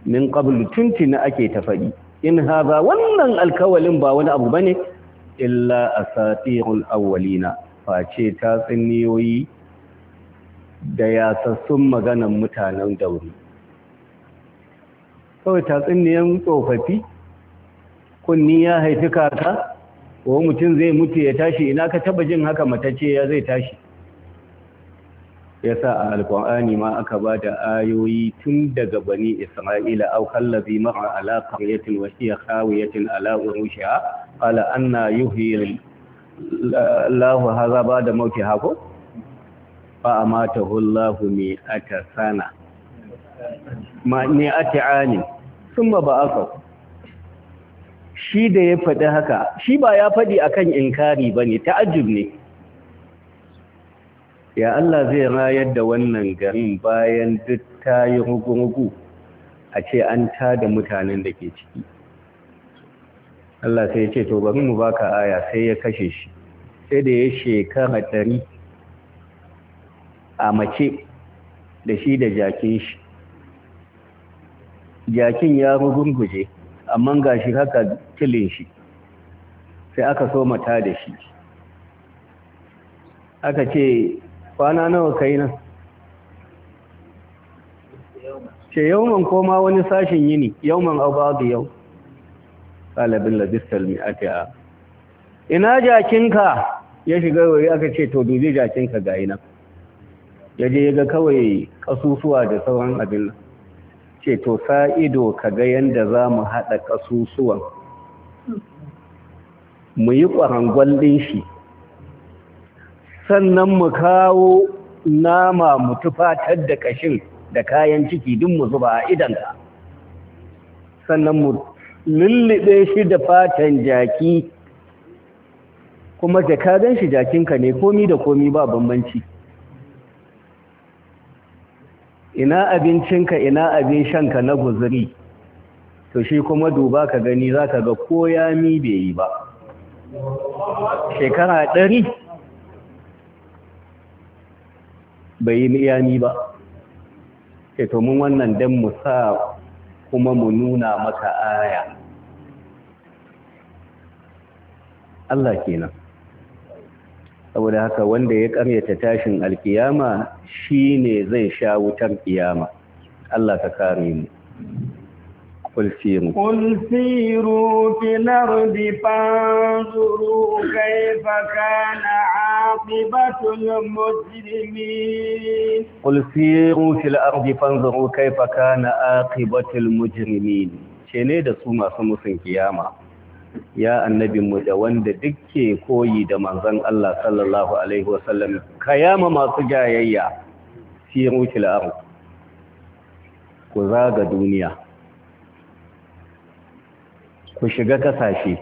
min qablu tuntuna ake ta faɗi in haza wannan alkawalin ba wani abu bane illa asatirul awwalina face ta tsinniyoyi da sassun maganan mutanen dauri kawai tatsuniyan tsofaffi kunni ya haifi kaka ko mutum zai mutu ya tashi ina ka taba jin haka matacce ya zai tashi yasa a alkur'ani ma aka ba da ayoyi tun daga bani isra'ila au kallazi ma'a ala qaryatin wa hiya khawiyatin ala urushiha qala anna yuhyi Allahu haza ba da mauki hako fa amatahu Allahu mi ata sana ma ni ati ani ba aka. shi da ya faɗi haka shi ba ya faɗi a akan inkari ba ne ta'ajib ne ya Allah zai rayar da wannan garin bayan duk ta yi rugu a ce an tada mutanen da ke ciki Allah sai ya ce to bari mu baka aya sai ya kashe shi sai da ya shekara ɗari a mace da shi da jakin shi jakin ya rugurguje amma ga shi haka kilin shi sai aka so mata da shi aka ce kwana nawa kai nan ce yawman koma wani sashin yini abuwa da yau ɗalibin labistar ake a ina jakinka ya shiga wuri aka ce to dubi jakinka ga ina ya je ya ga kawai ƙasusuwa da sauran abin nan ce to sa ido ka ga yadda za mu haɗa ƙasusuwan mu yi din shi sannan mu kawo nama mu tufatar da ƙashin da kayan ciki duk mu zuba a idanka sannan mu lullube shi da fatan jaki kuma da ka shi jakinka ne komi da komi ba bambanci ina abincinka ina abin shanka na guzuri to shi kuma duba ka gani za ka ga ko mi bai yi ba shekara ɗari bai yi mi ba ke eh, mun wannan don mu sa kuma mu nuna maka aya Allah kenan saboda haka wanda ya karyata tashin alkiyama shine zai sha wutar kiyama Allah ka kare mu kul siru filar di panzuru kai baka na abu ba kul siru filar di panzuru kai baka ce ne da su masu musulun ƙiyama. ya mu da wanda dukke koyi da manzon Allah sallallahu alaihi wasallam kayama masu jayayya siru fil ku zaga duniya ku shiga kasashe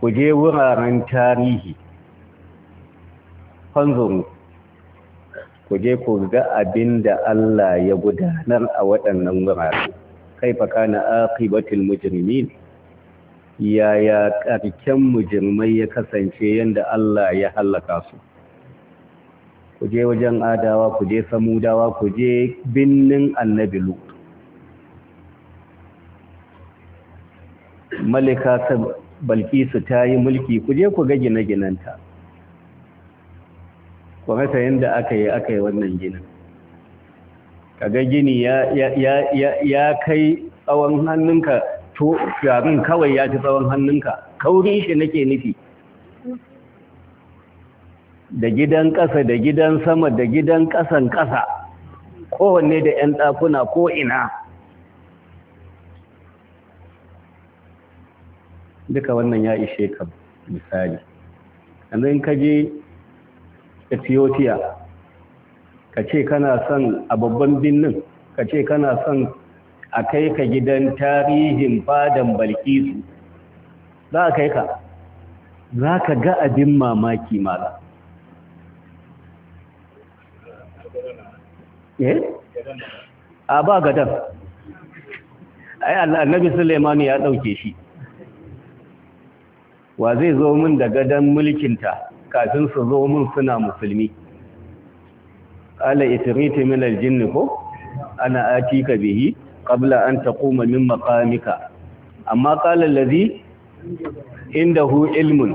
ku je wuraren tarihi hanzuru ku je ku ga abinda Allah ya gudanar a waɗannan wurare kai fa kana aqibatul mujrimin yaya ƙarken mujimai ya kasance yadda Allah ya hallaka su ku je wajen adawa ku je samudawa ku je binnin annabi lut malika ta balkisu ta yi mulki ku je ku ga gine ginanta. ku rasa yadda aka yi aka yi wannan ginin kaga gini ya kai tsawon hannunka to shafin kawai ya ci tsawon hannunka kauri shi nake nufi da gidan ƙasa da gidan sama da gidan ƙasan ƙasa kowanne da 'yan ɗakuna ko ina duka wannan ya ishe ka misali in ka je ethiopia ka ce kana son a babban birnin ka ce kana son a kai ka gidan tarihin fadan balkisu za a kai ka za ka ga abin mamaki mala eh? a ba gadan ai annabi Suleimani ya dauke shi wa zai zo min da gadan ta kafin su zo min suna musulmi ala itriti min aljinn ko ana atika bihi qabla an taquma min maqamika amma qala allazi indahu ilmun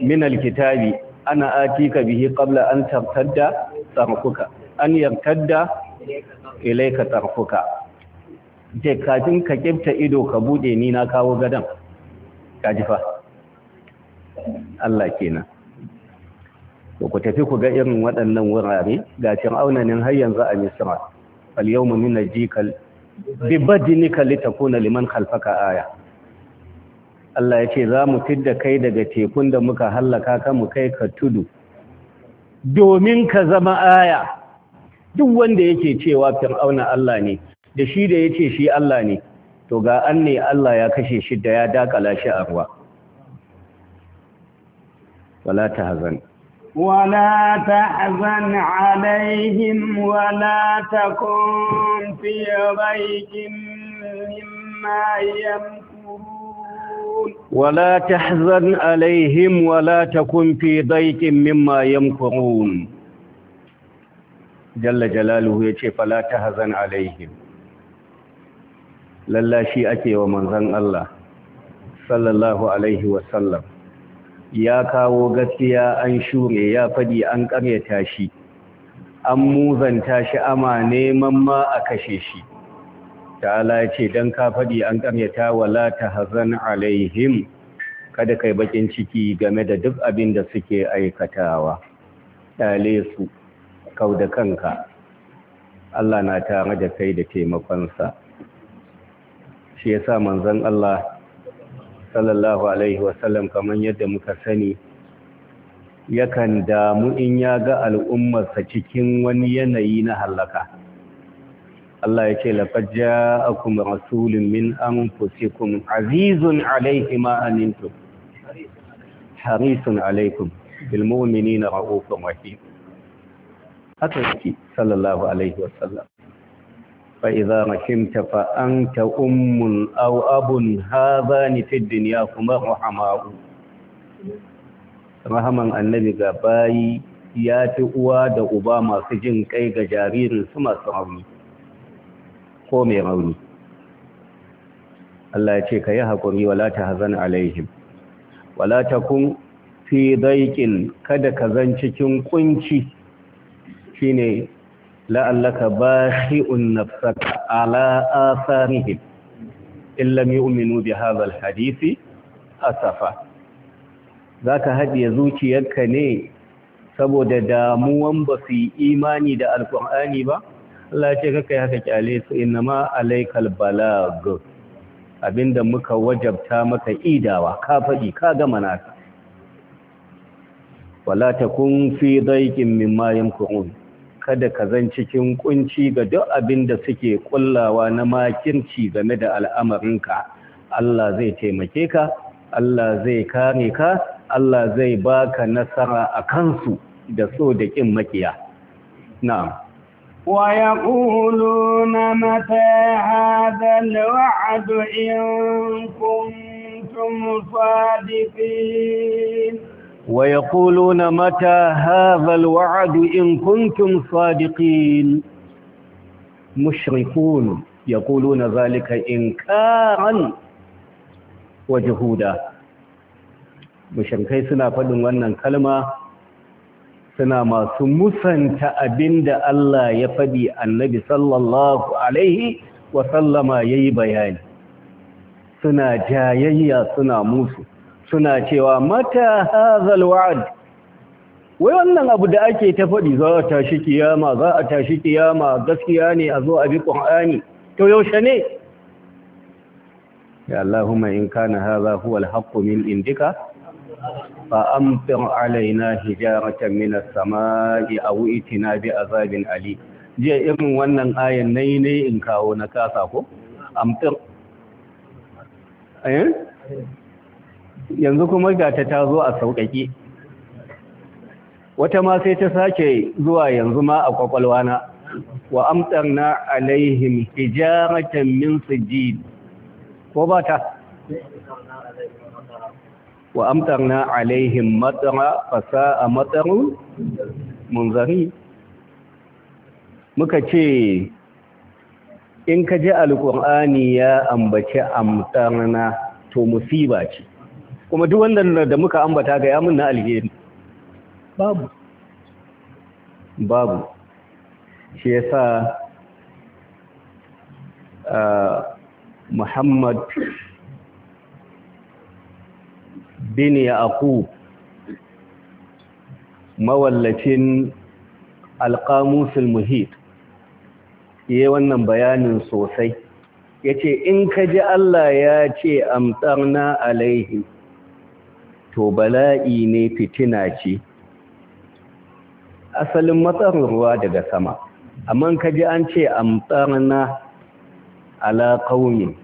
min alkitabi ana atika bihi qabla an tabtadda tarfuka an yartadda ilayka tarfuka je kafin ka kibta ido ka bude ni na kawo gadan kaji fa Allah kenan to ku tafi ku ga irin waɗannan wurare ga cin aunanin har yanzu a Misra al yawma minajikal bi badinika litakuna liman khalfaka aya Allah ya ce za mu fidda kai daga tekun da muka hallaka ka mu kai ka tudu domin ka zama aya duk wanda yake cewa fir'auna Allah ne da shi da yace shi Allah ne to ga an Allah ya kashe shi da ya dakala shi a ruwa wala tahzan ولا تحزن عليهم ولا تكن في ضيق مما يمكرون ولا تحزن عليهم ولا تكن في ضيق مما يمكرون جل جلاله يتي فلا تحزن عليهم lallashi ake wa manzan Allah sallallahu alaihi wasallam ya kawo gaskiya an shure ya fadi an karyata shi an muzanta shi ama neman ma a kashe shi ta'ala ya ce don ka faɗi an ƙaryata wala ta hazan alaihim kada kai bakin ciki game da duk abin da suke aikatawa ɗale su kau da kanka Allah na tare da kai da taimakonsa shi ya sa manzan Allah sallallahu alaihi wasallam kamar yadda muka sani yakan damu in ya ga al'ummarsa cikin wani yanayi na hallaka Allah ya ce laqad ja'akum rasulun min anfusikum azizun alaihi ma'anintu, harisun alaikum bil na ra'ufur rahim haka yake sallallahu alaihi wasallam فإذا رحمت فأنت أم أو أب هذان في الدنيا كما رحماء رحما النبي باي ya fi uwa da uba masu jin ƙai ga jaririnsu masu rauni ko mai rauni Allah ya ce ka yi haƙuri wala ta hazan alaihim wala ta kun fi daikin kada ka zan cikin kunci shine la'allaka bashi'un nafsaka ala asarihim in lam yu'minu bi hadha alhadisi asafa zaka haɗiye zuciyarka ne saboda damuwan ba su yi imani da Alƙur'ani ba Allah ce kaka yi haka kyale su inama alaikal balag abinda muka wajabta maka idawa ka faɗi ka gama naka wala kun fi daikin mimma Kur'un. kada ka zan cikin kunci ga duk abin da suke kullawa na makirci game da al'amarinka Allah zai taimake ka Allah zai kare ka Allah zai baka nasara a kansu da so da ƙin makiya na'am wa yaquluna mata hadha al-wa'd in kuntum sadiqin ويقولون متى هذا الوعد إن كنتم صادقين مشركون يقولون ذلك إنكارا وجهودا مشركي سنة فدن ونن كلمة سنة ما سمسن تأبند الله يفدي النبي صلى الله عليه وسلم يي بيان سنة جايية سنة موسو suna cewa mata hazal wa'ad wai wannan abu da ake ta faɗi za a tashi kiyama za a tashi kiyama gaskiya ne a zo a bi ƙur'ani to yaushe ne ya Allahumma in kana haza huwa al-haqqu min indika fa amtir alaina hijaratan min as-samai aw itina bi azabin ali je irin wannan ayan nayi ne in kawo na kasa ko amtir eh? yanzu kuma gata ta zo a sauƙaƙe wata ma sai ta sake zuwa yanzu ma a kwakwalwa na wa na alaihim hijaratan min sijil ko ba ta wa na alaihim matara a mataru munzari muka ce in ka ji alƙur'ani ya ambaci amtar na, to musiba ce kuma duk wanda da muka ambata ga yamin na alheri babu babu shi yasa Muhammad bin Yaqu mawallacin alƙamusul muhit yi wannan bayanin sosai Yace in ka ji Allah ya ce amtarna alaihi to bala'i ne fitina ce asalin matsarin ruwa daga sama amma ka ji an ce amtsarna ala qaumin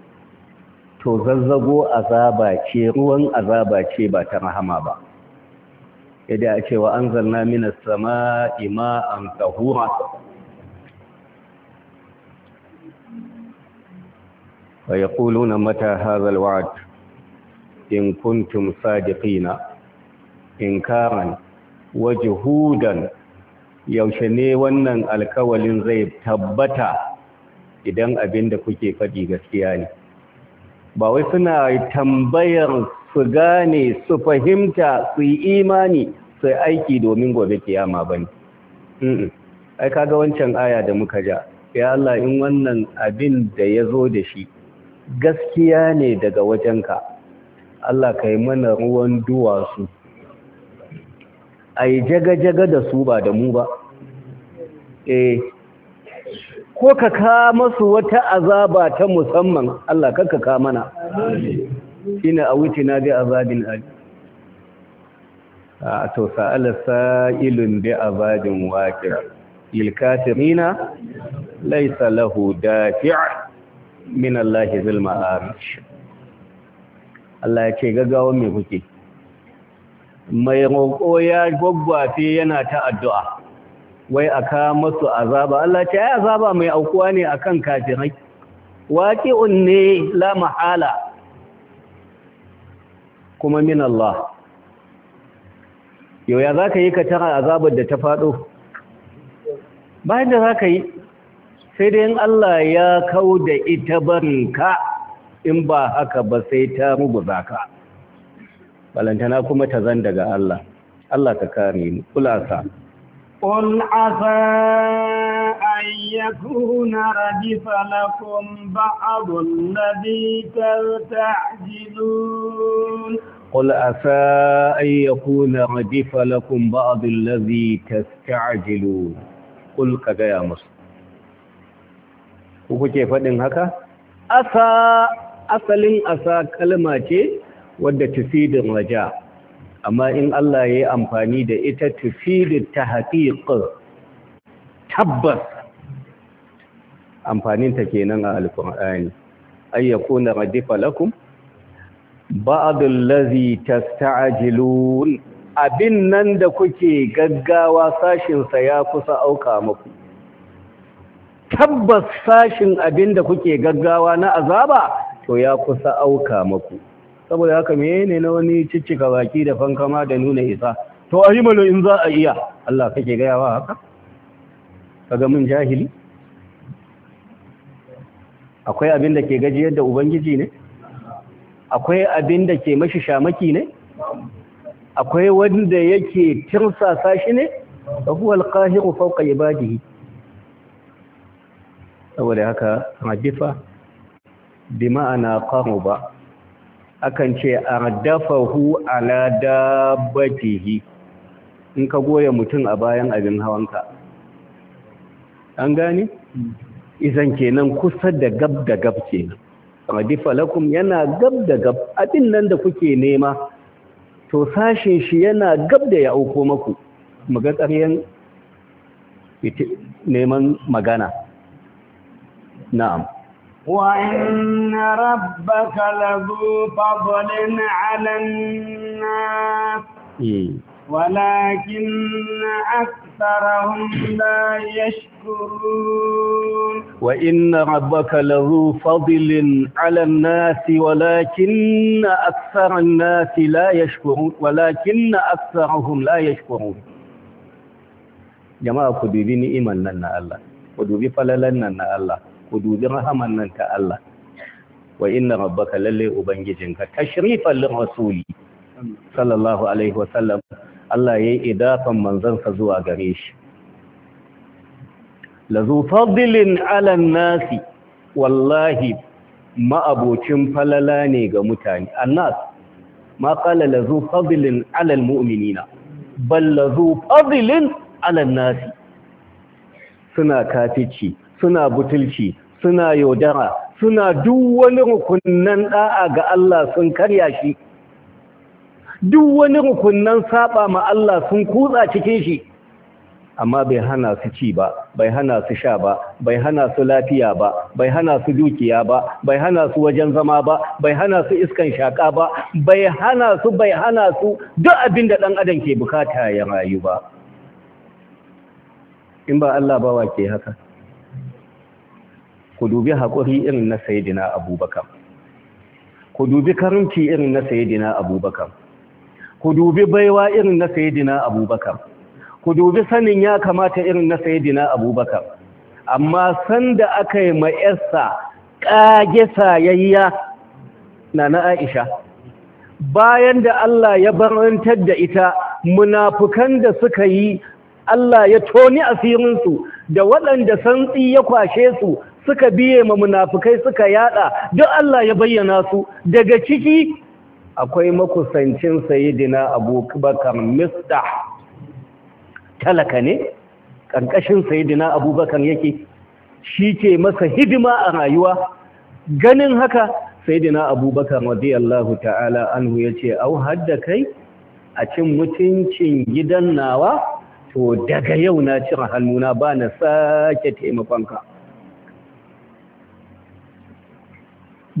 to zazzago azaba ce ruwan azaba ce ba ta rahama ba yadda a cewa an zanna minas sama ma'an tahura wa yaquluna mata hadha alwa'd in kuntum sadiqina inkaran wa juhudan yaushe ne wannan alkawalin zai tabbata idan abin da kuke faɗi gaskiya ne ba wai suna tambayar su gane su fahimta su yi imani su aiki domin gobe kiyama ba ne ai kaga wancan aya da muka ja ya Allah in wannan abin da ya zo da shi gaskiya ne daga wajenka Allah ka yi mana ruwan duwatsu a yi jaga-jaga da su ba da mu ba eh ko ka ka masu wata azaba ta musamman Allah ka ka mana ina a wuce na bi azabin ali a to sa'ala sa'ilun bi azabin waqi' lil kafirina laysa lahu dafi' min Allah zulma Allah ya ce gaggawa mai kuke mai roƙo ya gwaggwafe yana ta addu'a wai ka masu azaba Allah ce ya azaba mai aukuwa ne a akan kafirai waƙi ne la mahala kuma min Allah yau ya za ka yi ka tara azabar da ta faɗo bayan da za ka yi sai dai Allah ya kau da ita ka. in ba haka ba sai ta ruguza ka balantana kuma ta zan daga Allah Allah ka kare ni. kulasa qul asa ayyakuna يكون ردف لكم بعض قل عسى أن يكون ردف لكم بعض الذي تستعجلون قل كذا يا مصر kuke faɗin haka? Asa asalin asa kalma ce wadda tufidin raja amma in Allah ya yi amfani da ita tufidin ta haƙiƙa tabbas amfaninta nan a ayyako na radifa lakum ba'adul lazi tasta'jilun abin nan da kuke gaggawa sashinsa ya kusa auka muku tabbas sashin abin da kuke gaggawa na azaba to ya kusa auka maku saboda haka menene na wani ciccika baki da fankama da nuna isa to a yi malo in za a iya Allah kake gaya wa haka kaga mun jahili akwai abin da ke gajiyar da ubangiji ne akwai abin da ke mashi shamaki ne akwai wanda yake tirsasa shi ne da huwa alqahiru fawqa ibadihi saboda haka hadifa bi ma'ana ba akan ce ardafahu ala dabbatihi in ka goya mutum a bayan abin hawanka an gane izan kenan kusa da gab da gab kenan radifa lakum yana gab da gab abin nan da kuke nema to sashin shi yana gab da ya auko maku muga tsariyan neman magana na'am وإن ربك لذو فضل على الناس إيه. ولكن أكثرهم لا يشكرون وإن ربك لذو فضل على الناس ولكن أكثر الناس لا يشكرون ولكن أكثرهم لا يشكرون جماعة كدوبي إيمان لنا الله كدوبي فللنا الله ku dubi rahaman nan ta Allah wa inna rabbaka lalle ubangijinka tashrifan lil rasuli sallallahu alaihi wasallam Allah yayi idafan manzansa zuwa gare shi lazu fadlin ala wallahi ma'abocin falala ne ga mutane annas ma qala lazu fadlin ala almu'minina bal lazu fadlin ala nasi suna kafici suna butulci suna yaudara suna duk wani rukunan da'a ga Allah sun karya shi duk wani rukunnan saba ma Allah sun kutsa cikin shi amma bai hana su ci ba bai hana su sha ba bai hana su lafiya ba bai hana su dukiya ba bai hana su wajen zama ba bai hana su iskan shaka ba bai hana su bai hana su duk abin da dan adam ke bukata ya rayu ba in ba Allah ba wa ke haka ku dubi haƙuri irin na sayidina abubakar ku dubi karunci irin na sayidina abubakar ku dubi baiwa irin na sayidina abubakar ku dubi sanin ya kamata irin na sayidina abubakar amma sanda aka yi ma'yarsa ƙage sayayya na na aisha bayan da Allah ya barantar da ita munafukan da suka yi Allah ya toni asirinsu da waɗanda santsi ya kwashe su suka biye ma munafukai suka yada duk Allah ya bayyana su daga ciki akwai makusancin sayidina abubakar mista talaka ne ƙarƙashin sayidina abubakar yake shi ke masa hidima a rayuwa ganin haka sayidina abubakar radiyallahu ta'ala anhu ya ce au hadda kai a cin mutuncin gidan nawa to daga yau na cire hannuna ba na sake taimakonka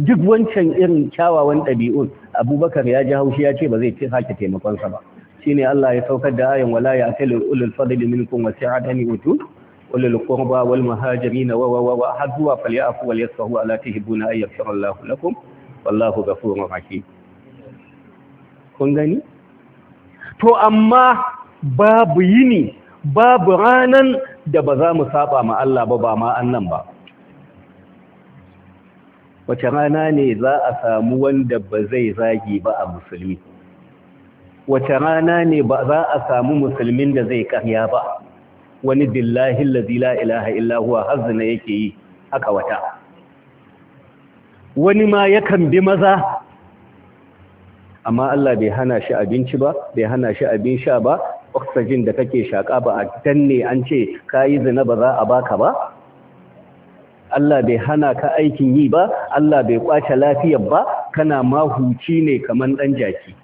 duk wancan irin kyawawan ɗabi'un abubakar ya ji haushi ya ce ba zai sake taimakonsa ba Shi ne Allah ya saukar da ayin wala ya akali ulul fadli minkum wa sa'adani utu ulul qurba wal muhajirin wa wa wa hadwa falyafu wal yasfahu ala na ay yaghfir Allah lakum wallahu ghafurur rahim kun gani to amma babu yini babu ranan da ba za mu saba ma Allah ba ba ma annan ba wace rana ne za a samu wanda ba zai zagi ba a musulmi wace rana ne ba za a samu musulmin da zai karya ba wani billahi Lazila, la ilaha illahuwa hazina yake yi aka wata wani ma yakan bi maza amma Allah bai hana shi abinci ba bai hana shi abin sha ba oxygen da kake shaka ba a danne an ce kayi zina ba za a baka ba Allah bai hana ka aikin yi ba Allah bai kwace lafiyar ba kana mahuci ne kaman ɗan jaki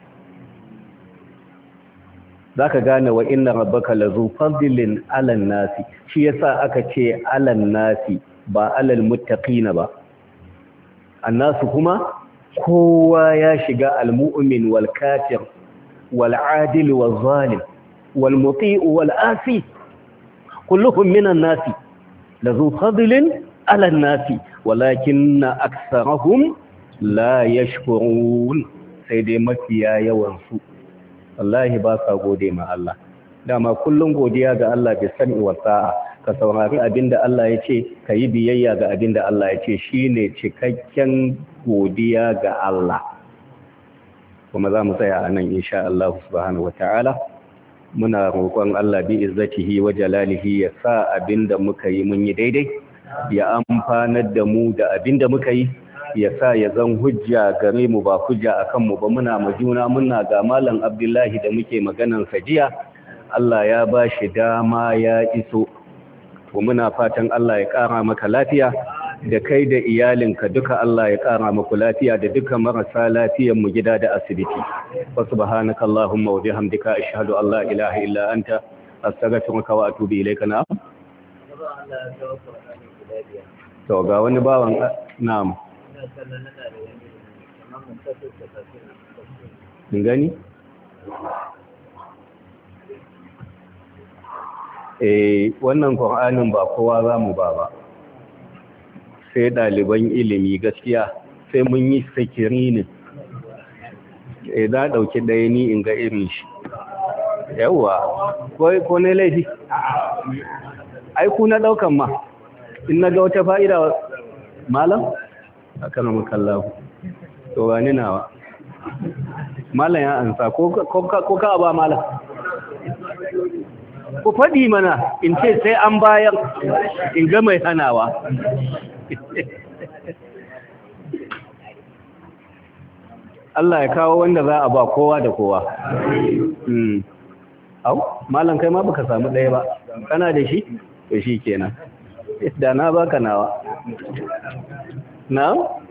zaka gane wa inna rabaka lazu fadlin 'alan nasi shi yasa aka ce 'alan nasi ba 'alal muttaqina ba nasu kuma kowa ya shiga almu'min wal kafir wal 'adil wal zalim wal muti' wal asi kulluhum minan nasi lazu على la ولكن أكثرهم sai dai mafiya yawansu. Wallahi ba sa gode ma Allah. dama kullum godiya ga Allah bi sani wa sa'a ka saurari abinda Allah ya ce ka yi biyayya ga abinda Allah ya ce shine cikakken godiya ga Allah kuma za mu tsaya a nan insha Allah subhanahu wata'ala muna roƙon Allah bi izzatihi wa jalalihi ya sa abinda muka yi mun yi daidai ya amfanar da mu da abin da muka yi ya sa ya zan hujja gare mu ba hujja a kanmu ba muna ma juna muna ga malam abdullahi da muke maganan sajiya Allah ya ba shi dama ya iso ko muna fatan Allah ya kara maka lafiya da kai da iyalinka duka Allah ya kara maku lafiya da duka marasa lafiyan mu gida da asibiti wa subhanaka allahumma wa bihamdika ashhadu an la ilaha illa anta astaghfiruka wa atubu ilayka na to ga wani bawan na'am kin gani eh wannan qur'anin ba kowa zamu ba ba sai ɗaliban ilimi gaskiya sai mun yi sakirinin eh da ɗauki ɗaya ni in ga irin shi Yawwa, ko ne laifi ai ku na daukan ma in na ga wata fa'ida malam aka na makalla to wani nawa malam ya ansa ko ka ba malam ku faɗi mana in ce sai an bayan in ga mai hanawa Allah ya kawo wanda za a ba kowa da kowa. Hmm. Au, malam kai ma baka samu ɗaya ba, kana da shi? To shi kenan. da na baka nawa na